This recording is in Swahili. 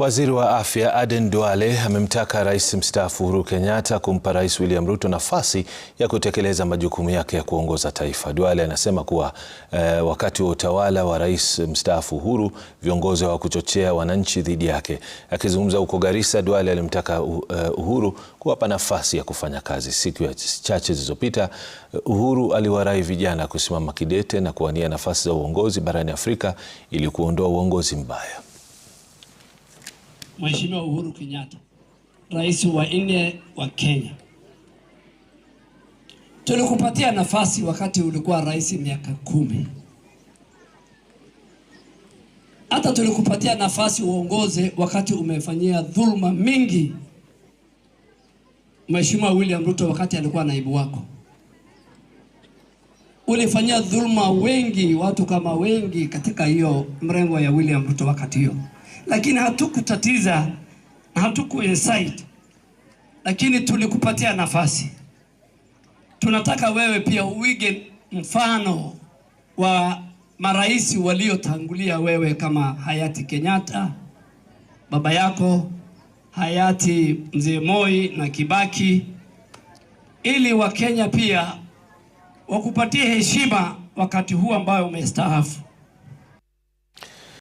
Waziri wa Afya Aden Duale amemtaka Rais mstaafu Uhuru Kenyatta kumpa Rais William Ruto nafasi ya kutekeleza majukumu yake ya kuongoza taifa. Duale anasema kuwa eh, wakati wa utawala wa Rais mstaafu Uhuru viongozi hawakuchochea wananchi dhidi yake. Akizungumza huko Garissa, Duale alimtaka eh, Uhuru kuwapa nafasi ya kufanya kazi. Siku ya chache zilizopita, eh, Uhuru aliwarai vijana kusimama kidete na kuwania nafasi za uongozi barani Afrika ili kuondoa uongozi mbaya. Mheshimiwa Uhuru Kenyatta, rais wa nne wa Kenya. Tulikupatia nafasi wakati ulikuwa rais miaka kumi, hata tulikupatia nafasi uongoze wakati umefanyia dhuluma mingi Mheshimiwa William Ruto wakati alikuwa naibu wako ulifanyia dhulma wengi watu kama wengi katika hiyo mrengo ya William Ruto wakati hiyo lakini hatukutatiza na hatuku insight, lakini tulikupatia nafasi. Tunataka wewe pia uige mfano wa marais waliotangulia wewe, kama hayati Kenyatta baba yako, hayati mzee Moi na Kibaki, ili Wakenya pia wakupatie heshima wakati huu ambayo umestaafu.